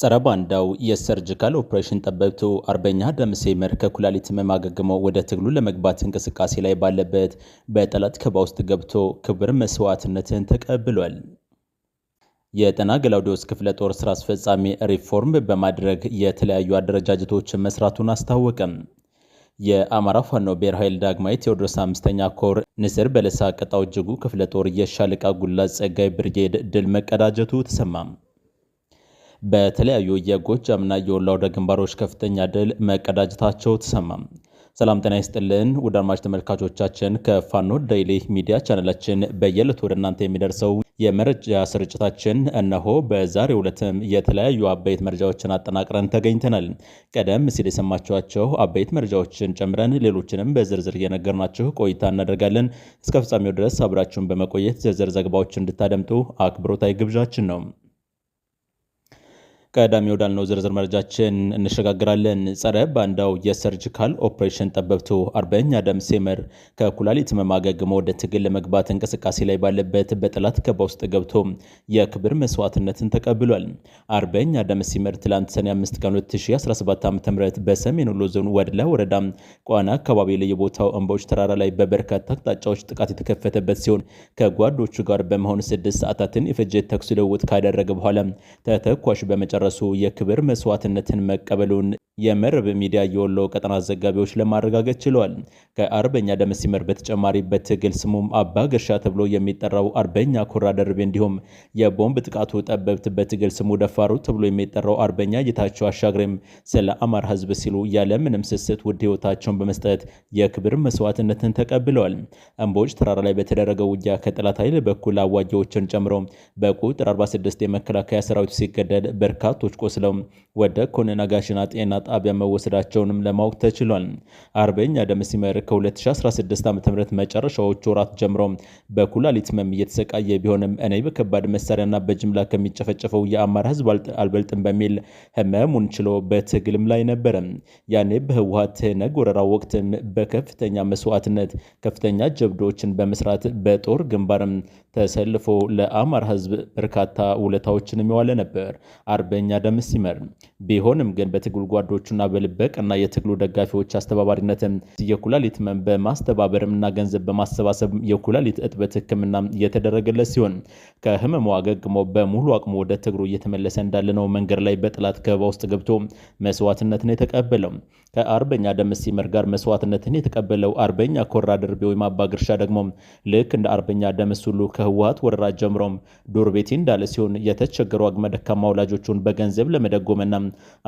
ጸረ ባንዳው የሰርጂካል ኦፕሬሽን ጠበብቱ አርበኛ ደምሴ መር ከኩላሊት ህመም አገግሞ ወደ ትግሉ ለመግባት እንቅስቃሴ ላይ ባለበት በጠላት ከባ ውስጥ ገብቶ ክብር መስዋዕትነትን ተቀብሏል። የጠና ገላውዲዮስ ክፍለ ጦር ስራ አስፈጻሚ ሪፎርም በማድረግ የተለያዩ አደረጃጀቶች መስራቱን አስታወቀም። የአማራ ፋኖ ብሔር ኃይል ዳግማዊ ቴዎድሮስ አምስተኛ ኮር ንስር በለሳ ቀጣው እጅጉ ክፍለ ጦር የሻለቃ ጉላ ጸጋይ ብርጌድ ድል መቀዳጀቱ ተሰማም። በተለያዩ የጎጃምና የወሎ አውደ ግንባሮች ከፍተኛ ድል መቀዳጀታቸው ተሰማም። ሰላም ጤና ይስጥልን ውድ አድማጭ ተመልካቾቻችን ከፋኖ ዴይሊ ሚዲያ ቻነላችን በየዕለቱ ወደ እናንተ የሚደርሰው የመረጃ ስርጭታችን እነሆ። በዛሬ ዕለትም የተለያዩ አበይት መረጃዎችን አጠናቅረን ተገኝተናል። ቀደም ሲል የሰማችኋቸው አበይት መረጃዎችን ጨምረን ሌሎችንም በዝርዝር እየነገርናችሁ ቆይታ እናደርጋለን። እስከ ፍጻሜው ድረስ አብራችሁን በመቆየት ዝርዝር ዘገባዎችን እንድታደምጡ አክብሮታዊ ግብዣችን ነው። ቀዳሚ ወዳልነው ዝርዝር መረጃችን እንሸጋግራለን። ጸረ ባንዳው የሰርጂካል ኦፕሬሽን ጠበብቱ አርበኛ አዳም ሴመር ከኩላሊት መማገግሞ ወደ ትግል ለመግባት እንቅስቃሴ ላይ ባለበት በጠላት ከባ ውስጥ ገብቶ የክብር መስዋዕትነትን ተቀብሏል። አርበኛ አዳም ሴመር ትላንት ሰኔ 5 ቀን 2017 ዓ ም በሰሜን ወሎ ዞን ወድላ ወረዳ ቋና አካባቢ ለየቦታው እንባዎች ተራራ ላይ በበርካታ አቅጣጫዎች ጥቃት የተከፈተበት ሲሆን ከጓዶቹ ጋር በመሆን ስድስት ሰዓታትን የፈጀ ተኩስ ልውውጥ ካደረገ በኋላ ተተኳሽ በመጨረ መጨረሱ የክብር መስዋዕትነትን መቀበሉን የመርብ ሚዲያ የወሎ ቀጠና ዘጋቢዎች ለማረጋገጥ ችለዋል። ከአርበኛ ደመ ሲመር በተጨማሪ በትግል ስሙም አባ ገርሻ ተብሎ የሚጠራው አርበኛ ኮራ ደርቤ እንዲሁም የቦምብ ጥቃቱ ጠበብት በትግል ስሙ ደፋሩ ተብሎ የሚጠራው አርበኛ ጌታቸው አሻግሬም ስለ አማራ ሕዝብ ሲሉ ያለምንም ስስት ውድ ሕይወታቸውን በመስጠት የክብር መስዋዕትነትን ተቀብለዋል። እምቦጭ ተራራ ላይ በተደረገው ውጊያ ከጠላት ኃይል በኩል አዋጊዎችን ጨምሮ በቁጥር 46 የመከላከያ ሰራዊቱ ሲገደል በርካቶች ቆስለው ወደ ኮንና ጋሽና ጤና ጣቢያ መወሰዳቸውንም ለማወቅ ተችሏል። አርበኛ ደም መርዕድ ከ2016 ዓ ም መጨረሻዎቹ ወራት ጀምሮ በኩላሊት ህመም እየተሰቃየ ቢሆንም እኔ በከባድ መሳሪያና በጅምላ ከሚጨፈጨፈው የአማራ ህዝብ አልበልጥም በሚል ህመሙን ችሎ በትግልም ላይ ነበረ። ያኔ በህወሀት ትህነግ ወረራ ወቅትም በከፍተኛ መስዋዕትነት ከፍተኛ ጀብዶችን በመስራት በጦር ግንባርም ተሰልፎ ለአማራ ህዝብ በርካታ ውለታዎችንም የዋለ ነበር አርበኛ ደመሲ መርዕድ። ቢሆንም ግን በትግል ጓዶ አርዶቹና በልበ ቀና የትግሉ ደጋፊዎች አስተባባሪነትም የኩላሊትመን በማስተባበርም እና ገንዘብ በማሰባሰብ የኩላሊት እጥበት ህክምና የተደረገለት ሲሆን ከህመሙ አገግሞ በሙሉ አቅሙ ወደ ትግሩ እየተመለሰ እንዳለ ነው። መንገድ ላይ በጠላት ከበባ ውስጥ ገብቶ መስዋዕትነትን የተቀበለው ከአርበኛ ደምስ ሲመር ጋር መስዋዕትነትን የተቀበለው አርበኛ ኮራ ድርቤ ወይም አባ ግርሻ ደግሞ ልክ እንደ አርበኛ ደምስ ሁሉ ከህወሀት ወረራ ጀምሮም ዱር ቤቴ እንዳለ ሲሆን የተቸገሩ አቅመ ደካማ ወላጆቹን በገንዘብ ለመደጎመና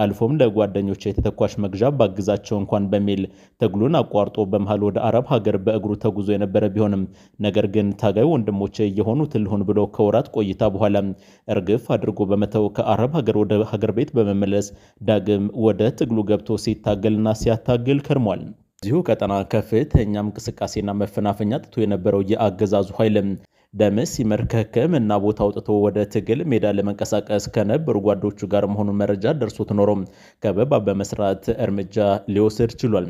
አልፎም ለጓደኞ አማኞች የተተኳሽ መግዣ ባግዛቸው እንኳን በሚል ትግሉን አቋርጦ በመሃል ወደ አረብ ሀገር በእግሩ ተጉዞ የነበረ ቢሆንም ነገር ግን ታጋይ ወንድሞቼ የሆኑት ልሁን ብሎ ከወራት ቆይታ በኋላ እርግፍ አድርጎ በመተው ከአረብ ሀገር ወደ ሀገር ቤት በመመለስ ዳግም ወደ ትግሉ ገብቶ ሲታገልና ሲያታግል ከርሟል። እዚሁ ቀጠና ከፍተኛ እንቅስቃሴና መፈናፈኛ ጥቶ የነበረው የአገዛዙ ኃይልም ደምስ ሲመር እና ቦታ አውጥቶ ወደ ትግል ሜዳ ለመንቀሳቀስ ከነበሩ ጓዶቹ ጋር መሆኑን መረጃ ደርሶት ኖሮም ከበባ በመስራት እርምጃ ሊወስድ ችሏል።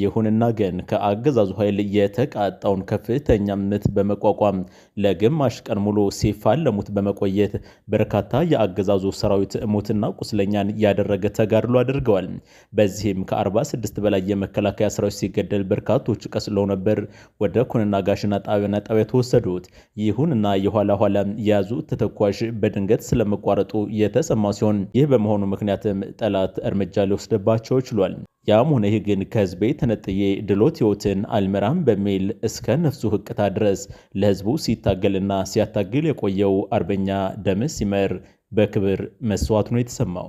ይሁንና ግን ከአገዛዙ ኃይል የተቃጣውን ከፍተኛ ምት በመቋቋም ለግማሽ ቀን ሙሉ ሲፋለሙት በመቆየት በርካታ የአገዛዙ ሰራዊት ሙትና ቁስለኛን ያደረገ ተጋድሎ አድርገዋል። በዚህም ከ46 በላይ የመከላከያ ሰራዊት ሲገደል በርካቶች ቀስለው ነበር ወደ ኩንና ጋሽና ጣቢያና ጣቢያ ተወሰዱት። ይሁንና የኋላ ኋላ የያዙ ተተኳሽ በድንገት ስለመቋረጡ የተሰማ ሲሆን ይህ በመሆኑ ምክንያትም ጠላት እርምጃ ሊወስደባቸው ችሏል። ያም ሆነ ይህ ግን ከህዝቤ ተነጥዬ ድሎት ህይወትን አልመራም በሚል እስከ ነፍሱ ህቅታ ድረስ ለህዝቡ ሲታገልና ሲያታግል የቆየው አርበኛ ደምስ ሲመር በክብር መስዋዕት ነው የተሰማው።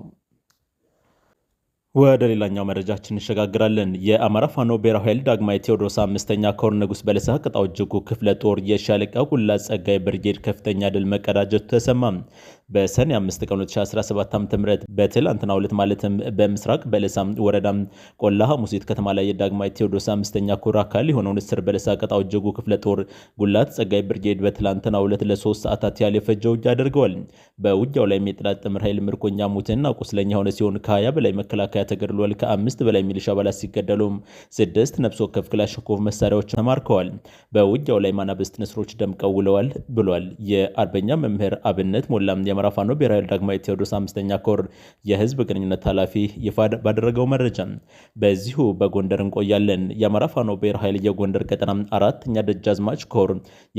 ወደ ሌላኛው መረጃችን እንሸጋግራለን። የአማራ ፋኖ ብሔራዊ ኃይል ዳግማዊ ቴዎድሮስ አምስተኛ ኮር ንጉስ በለሳ ቅጣው እጅጉ ክፍለ ጦር የሻለቃ ጉላ ጸጋይ ብርጌድ ከፍተኛ ድል መቀዳጀቱ ተሰማ። በሰኔ 5 ቀን 2017 ዓ ም በትላንትና ሁለት ማለትም በምስራቅ በለሳ ወረዳ ቆላ ሐሙሲት ከተማ ላይ የዳግማዊ ቴዎድሮስ አምስተኛ ኮር አካል የሆነውን ስር በለሳ ቅጣው እጅጉ ክፍለ ጦር ጉላት ጸጋይ ብርጌድ በትላንትና ሁለት ለሶስት ሰዓታት ያህል የፈጀ ውጊያ አድርገዋል። በውጊያው ላይ የጠላት ጥምር ኃይል ምርኮኛ ሙትና ቁስለኛ የሆነ ሲሆን ከ20 በላይ መከላከያ ተገድሏል። ከአምስት በላይ ሚሊሻ አባላት ሲገደሉ ስድስት ነፍስ ወከፍ ክላሽንኮቭ መሳሪያዎች ተማርከዋል። በውጊያው ላይ ማናበስት ንስሮች ደምቀው ውለዋል ብሏል። የአርበኛ መምህር አብነት ሞላም የአማራ ፋኖ ብሔራዊ ዳግማዊ ቴዎድሮስ አምስተኛ ኮር የህዝብ ግንኙነት ኃላፊ ይፋ ባደረገው መረጃ በዚሁ በጎንደር እንቆያለን። የአማራ ፋኖ ብሔር ኃይል የጎንደር ቀጠና አራተኛ ደጃዝማች ኮር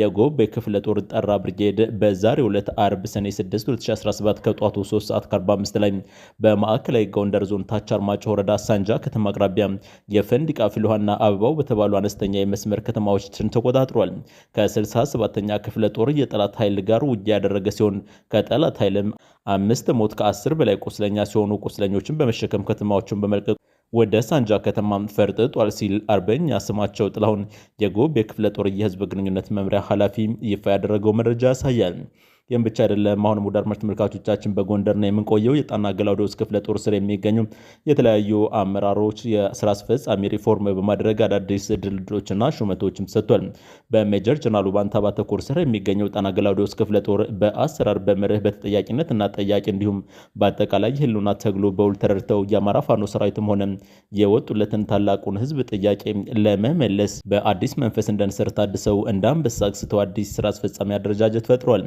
የጎብ የክፍለ ጦር ጠራ ብርጌድ በዛሬው ዕለት አርብ ሰኔ 6 2017 ከጧቱ 3 ሰዓት 45 ላይ በማዕከላዊ ጎንደር ዞን ታቻ አርማጮ ወረዳ ሳንጃ ከተማ አቅራቢያ ቃፊል ፍልውሃና አበባው በተባሉ አነስተኛ የመስመር ከተማዎችን ተቆጣጥሯል። ከ67ኛ ክፍለ ጦር የጠላት ኃይል ጋር ውጊያ ያደረገ ሲሆን ከጠላት ኃይልም አምስት ሞት ከአስር በላይ ቁስለኛ ሲሆኑ ቁስለኞችን በመሸከም ከተማዎችን በመልቀቅ ወደ ሳንጃ ከተማ ፈርጥጧል ሲል አርበኛ ስማቸው ጥላሁን የጎብ የክፍለ ጦር የህዝብ ግንኙነት መምሪያ ኃላፊ ይፋ ያደረገው መረጃ ያሳያል። ይህም ብቻ አይደለም። አሁን ሙዳርማሽ ተመልካቾቻችን በጎንደር በጎንደርና የምንቆየው የጣና ገላውዴዎስ ክፍለ ጦር ስር የሚገኙ የተለያዩ አመራሮች የስራ አስፈጻሚ ሪፎርም በማድረግ አዳዲስ ድልድሎችና ሹመቶችም ሰጥቷል። በሜጀር ጀነራል ባንታ ባተኮር ስር የሚገኘው ጣና ገላውዴዎስ ክፍለ ጦር በአሰራር በመርህ በተጠያቂነት እና ጠያቂ እንዲሁም በአጠቃላይ ህልውና ተግሎ በውል ተረድተው የአማራ ፋኖ ሰራዊትም ሆነ የወጡለትን ታላቁን ህዝብ ጥያቄ ለመመለስ በአዲስ መንፈስ እንደንስር ታድሰው እንደ አንበሳ አግስተው አዲስ ስራ አስፈጻሚ አደረጃጀት ፈጥሯል።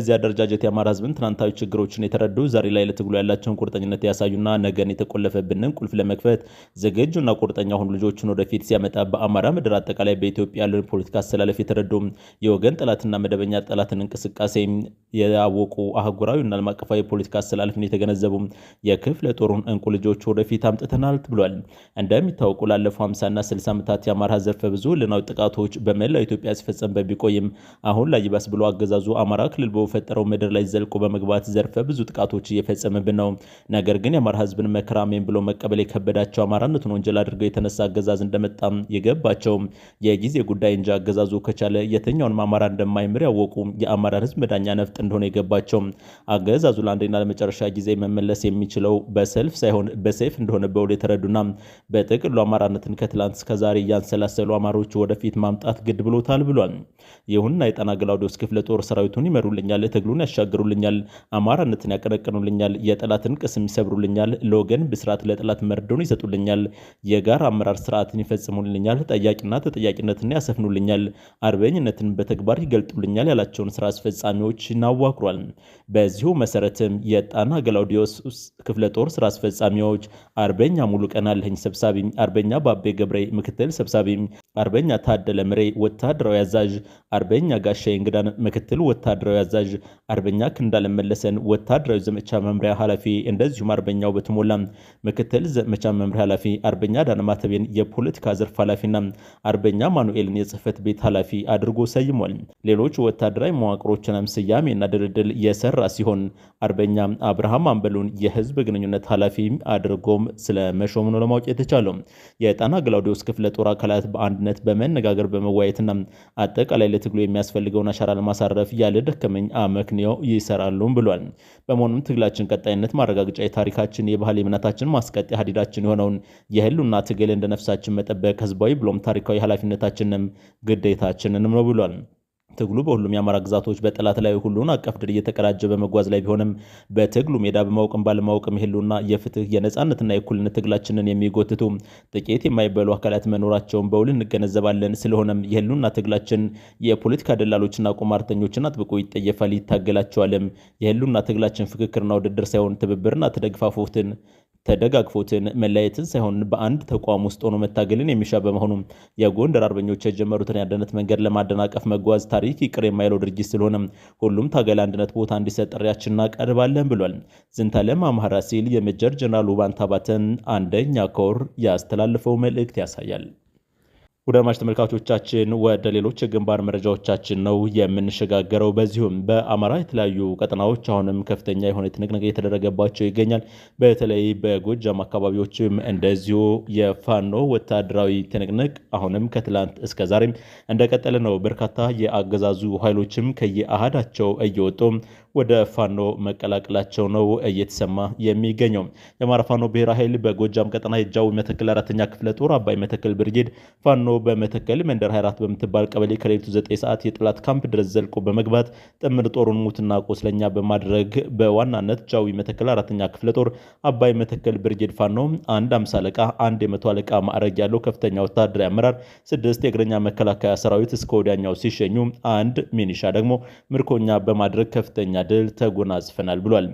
በዚህ አደረጃጀት የአማራ ህዝብን ትናንታዊ ችግሮችን የተረዱ ዛሬ ላይ ለትግሉ ያላቸውን ቁርጠኝነት ያሳዩና ነገን የተቆለፈብንን ቁልፍ ለመክፈት ዝግጁና ቁርጠኛ ሁኑ ልጆችን ወደፊት ሲያመጣ በአማራ ምድር አጠቃላይ በኢትዮጵያ ያለውን ፖለቲካ አስተላለፍ የተረዱ የወገን ጠላትና መደበኛ ጠላትን እንቅስቃሴ ያወቁ እና ዓለም አቀፋዊ የፖለቲካ አስተላለፍን የተገነዘቡ የክፍለ ጦሩን እንቁ ልጆች ወደፊት አምጥተናል ብሏል። እንደሚታወቁ ላለፉ 50 እና 60 ዓመታት የአማራ ዘርፈ ብዙ ልናዊ ጥቃቶች በመላው ኢትዮጵያ ሲፈጸም በቢቆይም አሁን ላይ ይባስ ብሎ አገዛዙ አማራ ክልል በፈጠረው ምድር ላይ ዘልቆ በመግባት ዘርፈ ብዙ ጥቃቶች እየፈጸመብን ነው። ነገር ግን የአማራ ህዝብን መከራሜን ብሎ መቀበል የከበዳቸው አማራነቱን ወንጀል አድርገው የተነሳ አገዛዝ እንደመጣም የገባቸው የጊዜ ጉዳይ እንጂ አገዛዙ ከቻለ የትኛውንም አማራ እንደማይምር ያወቁ የአማራን ህዝብ መዳኛ ነፍጥ እንደሆነ የገባቸው አገዛዙ ለአንዴና ለመጨረሻ ጊዜ መመለስ የሚችለው በሰልፍ ሳይሆን በሰይፍ እንደሆነ በውል የተረዱና በጥቅሉ አማራነትን ከትላንት እስከዛሬ እያንሰላሰሉ አማሮች ወደፊት ማምጣት ግድ ብሎታል ብሏል። ይሁንና የጣና ገላውዴዎስ ክፍለ ጦር ሰራዊቱን ይመሩልኛል፣ ትግሉን ያሻግሩልኛል፣ አማራነትን ያቀነቅኑልኛል፣ የጠላትን ቅስም ይሰብሩልኛል፣ ለወገን ብስራት፣ ለጠላት መርዶን ይሰጡልኛል፣ የጋራ አመራር ስርዓትን ይፈጽሙልኛል፣ ጠያቂና ተጠያቂነትን ያሰፍኑልኛል፣ አርበኝነትን በተግባር ይገልጡልኛል ያላቸውን ስራ አስፈጻሚዎች ና አዋቅሯል። በዚሁ መሰረትም የጣና ገላውዲዮስ ክፍለ ጦር ስራ አስፈጻሚዎች አርበኛ ሙሉ አለኸኝ ሰብሳቢ፣ አርበኛ ባቤ ገብሬ ምክትል ሰብሳቢ፣ አርበኛ ታደለ ምሬ ወታደራዊ አዛዥ፣ አርበኛ ጋሻ እንግዳን ምክትል ወታደራዊ አዛዥ፣ አርበኛ ክንዳለመለሰን ወታደራዊ ዘመቻ መምሪያ ኃላፊ፣ እንደዚሁም አርበኛው በትሞላ ምክትል ዘመቻ መምሪያ ኃላፊ፣ አርበኛ ዳነማተቤን የፖለቲካ ዘርፍ ኃላፊና አርበኛ ማኑኤልን የጽህፈት ቤት ኃላፊ አድርጎ ሰይሟል። ሌሎች ወታደራዊ መዋቅሮችንም ስያሜ ግንኙነትና ድልድል የሰራ ሲሆን አርበኛ አብርሃም አንበሉን የህዝብ ግንኙነት ኃላፊ አድርጎም ስለ መሾሙ ነው ለማወቅ የተቻለው። የጣና ግላውዲዮስ ክፍለ ጦር አካላት በአንድነት በመነጋገር በመወያየትና አጠቃላይ ለትግሉ የሚያስፈልገውን አሻራ ለማሳረፍ ያለ ደከመኝ አመክንዮ ይሰራሉም ብሏል። በመሆኑም ትግላችን ቀጣይነት ማረጋገጫ፣ የታሪካችን የባህል የእምነታችን ማስቀጥ ሀዲዳችን የሆነውን የህሉና ትግል እንደ ነፍሳችን መጠበቅ ህዝባዊ ብሎም ታሪካዊ ኃላፊነታችንም ግዴታችንንም ነው ብሏል። ትግሉ በሁሉም የአማራ ግዛቶች በጠላት ላይ ሁሉን አቀፍ ድል እየተቀዳጀ በመጓዝ ላይ ቢሆንም በትግሉ ሜዳ በማወቅም ባለማወቅም የህልውና የፍትህ የነፃነትና የእኩልነት ትግላችንን የሚጎትቱ ጥቂት የማይበሉ አካላት መኖራቸውን በውል እንገነዘባለን። ስለሆነም የህልውና ትግላችን የፖለቲካ ደላሎችና ቁማርተኞችን አጥብቆ ይጠየፋል፣ ይታገላቸዋልም። የህልውና ትግላችን ፍክክርና ውድድር ሳይሆን ትብብርና ተደግፋፎትን ተደጋግፎትን መለያየትን ሳይሆን በአንድ ተቋም ውስጥ ሆኖ መታገልን የሚሻ በመሆኑ የጎንደር አርበኞች የጀመሩትን የአንድነት መንገድ ለማደናቀፍ መጓዝ ታሪክ ይቅር የማይለው ድርጅት ስለሆነ ሁሉም ታገል አንድነት ቦታ እንዲሰጥ ጥሪያችንን እናቀርባለን ብሏል። ዝንታለም አምሃራ ሲል የሜጀር ጀነራል ውባንታ ባተን አንደኛ ኮር ያስተላልፈው መልእክት ያሳያል። ጉዳማሽ ተመልካቾቻችን ወደ ሌሎች የግንባር መረጃዎቻችን ነው የምንሸጋገረው። በዚሁም በአማራ የተለያዩ ቀጠናዎች አሁንም ከፍተኛ የሆነ ትንቅንቅ እየተደረገባቸው ይገኛል። በተለይ በጎጃም አካባቢዎችም እንደዚሁ የፋኖ ወታደራዊ ትንቅንቅ አሁንም ከትላንት እስከ ዛሬም እንደቀጠለ ነው። በርካታ የአገዛዙ ኃይሎችም ከየአሃዳቸው እየወጡ ወደ ፋኖ መቀላቀላቸው ነው እየተሰማ የሚገኘው። የአማራ ፋኖ ብሔራዊ ኃይል በጎጃም ቀጠና የጃዊ መተክል አራተኛ ክፍለ ጦር አባይ መተክል ብርጌድ ፋኖ ፋኖ በመተከል መንደር 24 በምትባል ቀበሌ ከሌሊቱ 9 ሰዓት የጠላት ካምፕ ድረስ ዘልቆ በመግባት ጥምር ጦሩን ሙትና ቆስለኛ በማድረግ በዋናነት ጃዊ መተከል አራተኛ ክፍለ ጦር አባይ መተከል ብርጌድ ፋኖ አንድ አምሳ አለቃ አንድ የመቶ አለቃ ማዕረግ ያለው ከፍተኛ ወታደራዊ አመራር ስድስት የእግረኛ መከላከያ ሰራዊት እስከ ወዲያኛው ሲሸኙ አንድ ሚኒሻ ደግሞ ምርኮኛ በማድረግ ከፍተኛ ድል ተጎናጽፈናል ብሏል።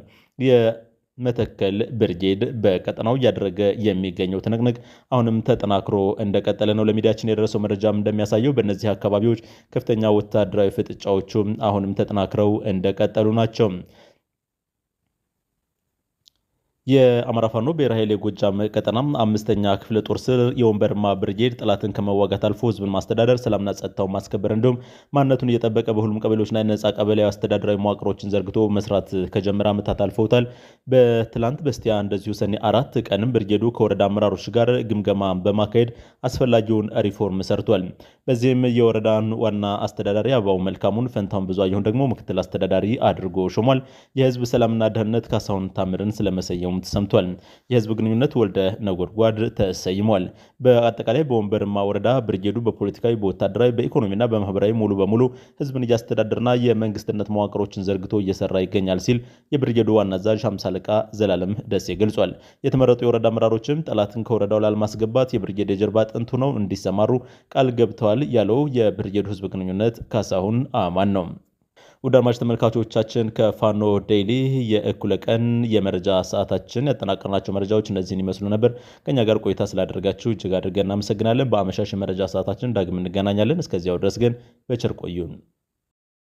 መተከል ብርጌድ በቀጠናው እያደረገ የሚገኘው ትንቅንቅ አሁንም ተጠናክሮ እንደቀጠለ ነው። ለሚዲያችን የደረሰው መረጃም እንደሚያሳየው በእነዚህ አካባቢዎች ከፍተኛ ወታደራዊ ፍጥጫዎቹም አሁንም ተጠናክረው እንደቀጠሉ ናቸው። የአማራ ፋኖ ብሔራዊ ኃይል የጎጃም ቀጠና አምስተኛ ክፍለ ጦር ስር የወንበርማ ብርጌድ ጠላትን ከመዋጋት አልፎ ህዝብን ማስተዳደር፣ ሰላምና ጸጥታውን ማስከበር እንዲሁም ማንነቱን እየጠበቀ በሁሉም ላይ ነጻ ቀበሌያዊ አስተዳደራዊ መዋቅሮችን ዘርግቶ መስራት ከጀመረ ዓመታት አልፈውታል። በትላንት በስቲያ እንደዚሁ ሰኔ አራት ቀንም ብርጌዱ ከወረዳ አመራሮች ጋር ግምገማ በማካሄድ አስፈላጊውን ሪፎርም ሰርቷል። በዚህም የወረዳን ዋና አስተዳዳሪ አበባው መልካሙን ፈንታውን አየሁን ደግሞ ምክትል አስተዳዳሪ አድርጎ ሾሟል። የህዝብ ሰላምና ደህንነት ካሳሁን ታምርን ስለመሰየሙ መቃወሙ ተሰምቷል። የህዝብ ግንኙነት ወልደ ነጎድጓድ ተሰይሟል። በአጠቃላይ በወንበርማ ወረዳ ብርጌዱ በፖለቲካዊ፣ በወታደራዊ፣ በኢኮኖሚና በማህበራዊ ሙሉ በሙሉ ህዝብን እያስተዳደርና የመንግስትነት መዋቅሮችን ዘርግቶ እየሰራ ይገኛል ሲል የብርጌዱ ዋና አዛዥ ሃምሳ አለቃ ዘላለም ደሴ ገልጿል። የተመረጡ የወረዳ አመራሮችም ጠላትን ከወረዳው ላለማስገባት የብርጌድ የጀርባ አጥንት ሆነው እንዲሰማሩ ቃል ገብተዋል ያለው የብርጌዱ ህዝብ ግንኙነት ካሳሁን አማን ነው። ውድ አድማጭ ተመልካቾቻችን ከፋኖ ዴይሊ የእኩለ ቀን የመረጃ ሰዓታችን ያጠናቀርናቸው መረጃዎች እነዚህን ይመስሉ ነበር። ከኛ ጋር ቆይታ ስላደረጋችሁ እጅግ አድርገን እናመሰግናለን። በአመሻሽ የመረጃ ሰዓታችን ዳግም እንገናኛለን። እስከዚያው ድረስ ግን በቸር ቆዩን።